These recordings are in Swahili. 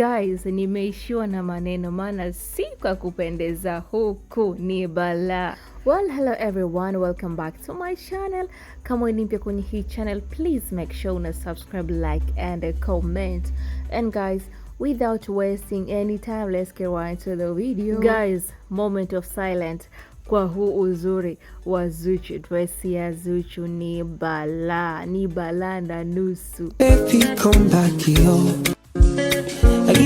Guys, nimeishiwa na maneno maana si kwa kupendeza, huku ni balaa. Well, hello everyone, welcome back to my channel. Kama ni mpya kwenye hii channel, please make sure una subscribe, like and comment. And guys, without wasting any time, let's get right to the video. Guys, moment of silence kwa huu uzuri wa Zuchu. Dresi ya Zuchu ni balaa, ni balaa na nusu. Baby, come back here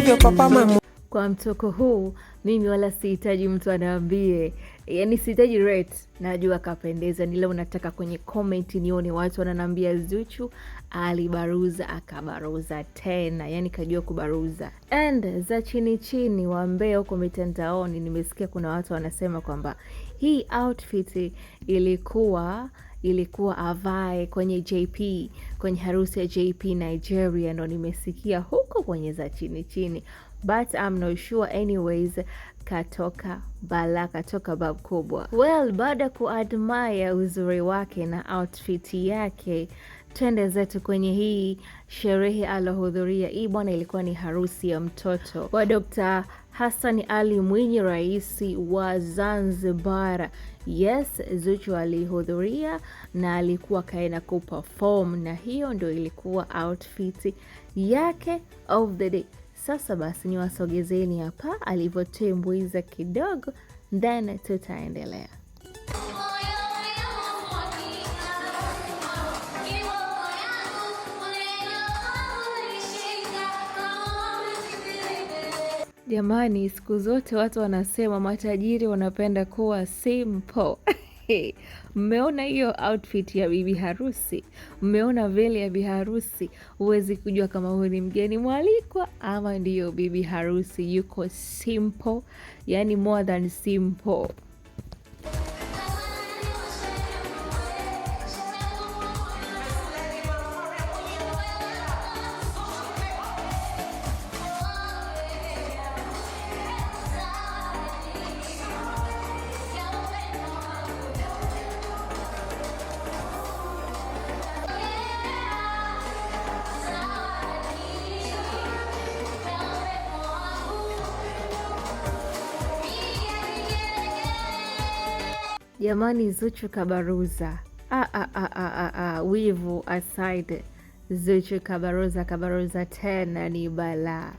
hivyo papa mama. Kwa mtoko huu mimi wala sihitaji mtu anaambie, yani sihitaji rate, najua akapendeza. Ni leo nataka kwenye comment nione watu wananiambia Zuchu alibaruza akabaruza tena, yani kajua kubaruza. And za chini chini, waambie huko mitandaoni, nimesikia kuna watu wanasema kwamba hii outfit ilikuwa ilikuwa avae kwenye JP kwenye harusi ya JP Nigeria, ndo nimesikia hu za chini chini, but I'm not sure anyways. Katoka bala, katoka bab kubwa. Well, baada ya kuadmire uzuri wake na outfit yake twende zetu kwenye hii sherehe alohudhuria. Hii bwana, ilikuwa ni harusi ya mtoto wa Dr. Hassan Ali Mwinyi, rais wa Zanzibar. Yes, Zuchu alihudhuria na alikuwa kaenda kuperform, na hiyo ndio ilikuwa outfit yake of the day. Sasa basi niwasogezeni hapa alivyotumbuiza kidogo, then tutaendelea. Jamani, siku zote watu wanasema matajiri wanapenda kuwa simple. Hey, mmeona hiyo outfit ya bibi harusi, mmeona vele ya bibi harusi. Huwezi kujua kama huyu ni mgeni mwalikwa ama ndiyo bibi harusi. Yuko simple, yani more than simple. Jamani, Zuchu kabaruza, ah, ah, ah, ah, ah, wivu aside, Zuchu kabaruza, kabaruza tena ni balaa.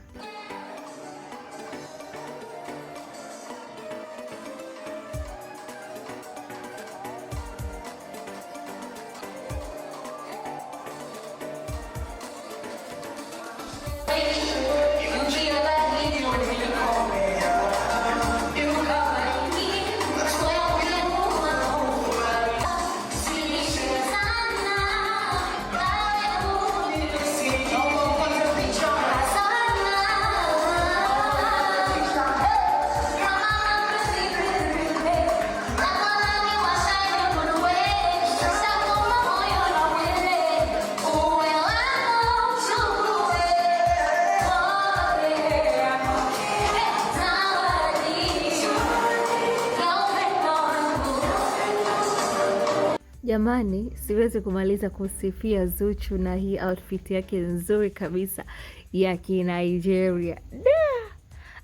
Jamani, siwezi kumaliza kusifia Zuchu na hii outfit yake nzuri kabisa ya Kinigeria.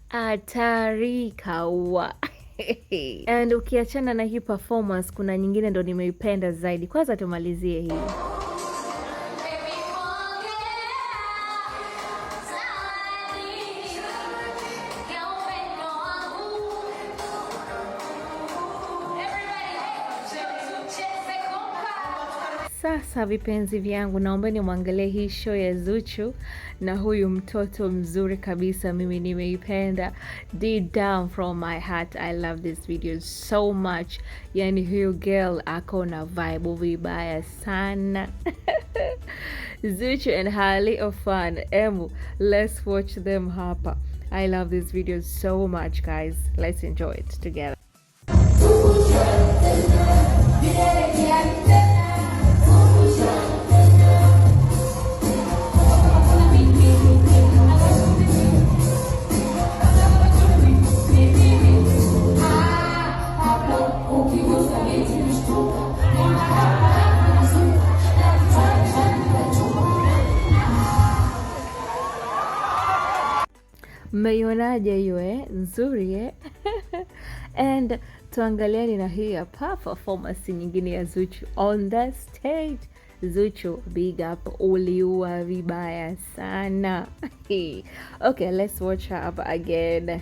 Hatari kaua. And ukiachana na hii performance, kuna nyingine ndo nimeipenda zaidi. Kwanza tumalizie hii. Sasa vipenzi vyangu, naombeni mwangalie hii show ya Zuchu na huyu mtoto mzuri kabisa, mimi nimeipenda deep down from my heart. I love this video so much. Yani huyu girl ako na vibe vibaya sana Zuchu and Harley fun, emu, let's watch them hapa. I love this video so much guys, let's enjoy it together Mmeionaje hiyo eh? Nzuri eh? And tuangaliani na hii hapa performance nyingine ya Zuchu on the stage. Zuchu, big up, uliua vibaya sana. Okay, let's watch her up again.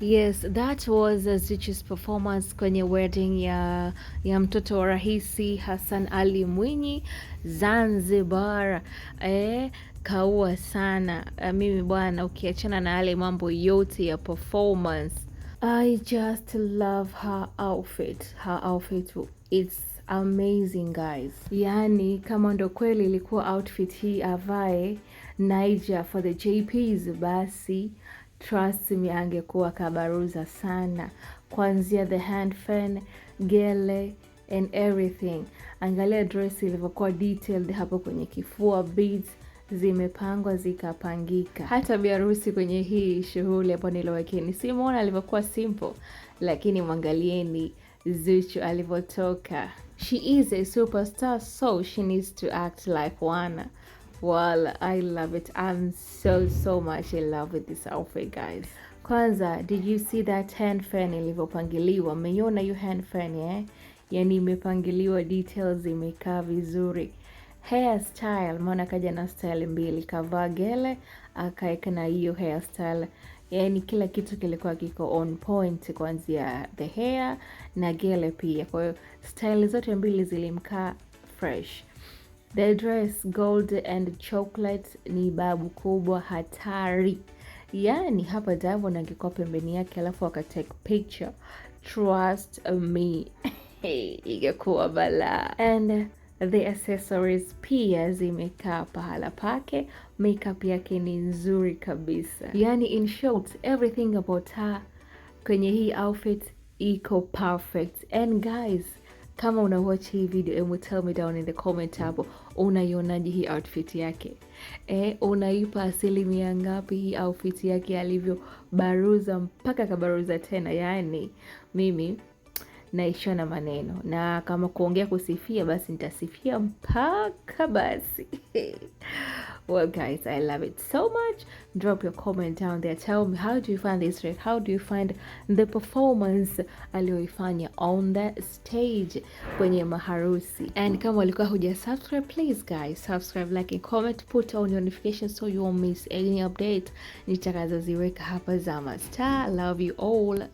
Yes, that was uh, Zuchu's performance kwenye wedding ya, ya mtoto wa Rais Hassan Ali Mwinyi Zanzibar. Eh, kaua sana eh, mimi bwana, ukiachana na yale mambo yote ya performance, I just love her outfit. Her outfit it's amazing guys. Yani kama ndo kweli ilikuwa outfit hii avae Niger for the JPs basi Trust me angekuwa kabaruza sana, kuanzia the hand fan, gele and everything. Angalia dress ilivyokuwa detailed hapo kwenye kifua, beads zimepangwa zikapangika. Hata biarusi kwenye hii shughuli hapo nilowekeni, simuona alivyokuwa simple, lakini mwangalieni Zuchu alivyotoka. She is a superstar so she needs to act like one. Well, I love it. I'm so so much in love with this outfit guys. Kwanza, did you see that hand fan ilivyopangiliwa? Mmeiona hiyo hand fan eh? Yaani imepangiliwa details, imekaa vizuri. Hairstyle, maana kaja na style mbili, kavaa gele akaeka na hiyo hairstyle. Yaani kila kitu kilikuwa kiko on point, kuanzia the hair na gele pia. Kwa hiyo style zote mbili zilimkaa fresh. The dress gold and chocolate ni babu kubwa hatari. Yaani hapa Diamond angekuwa pembeni yake alafu akatake picture, trust me ingekuwa balaa. And the accessories pia zimekaa pahala pake, makeup yake ni nzuri kabisa. Yaani in short everything about her kwenye hii outfit iko perfect and guys kama una watch hii video, hebu tell me down in the comment hapo, unaionaje hii outfit yake eh? Unaipa asilimia ngapi hii outfit yake alivyobaruza mpaka akabaruza tena? Yaani mimi naishiwa na maneno, na kama kuongea kusifia, basi nitasifia mpaka basi well guys i love it so much drop your comment down there tell me how do you find this track how do you find the performance aliyoifanya on the stage kwenye maharusi and kama ulikuwa huja subscribe please guys subscribe like and comment put on your notification so you won't miss any update nitakazoziweka hapa za masta love you all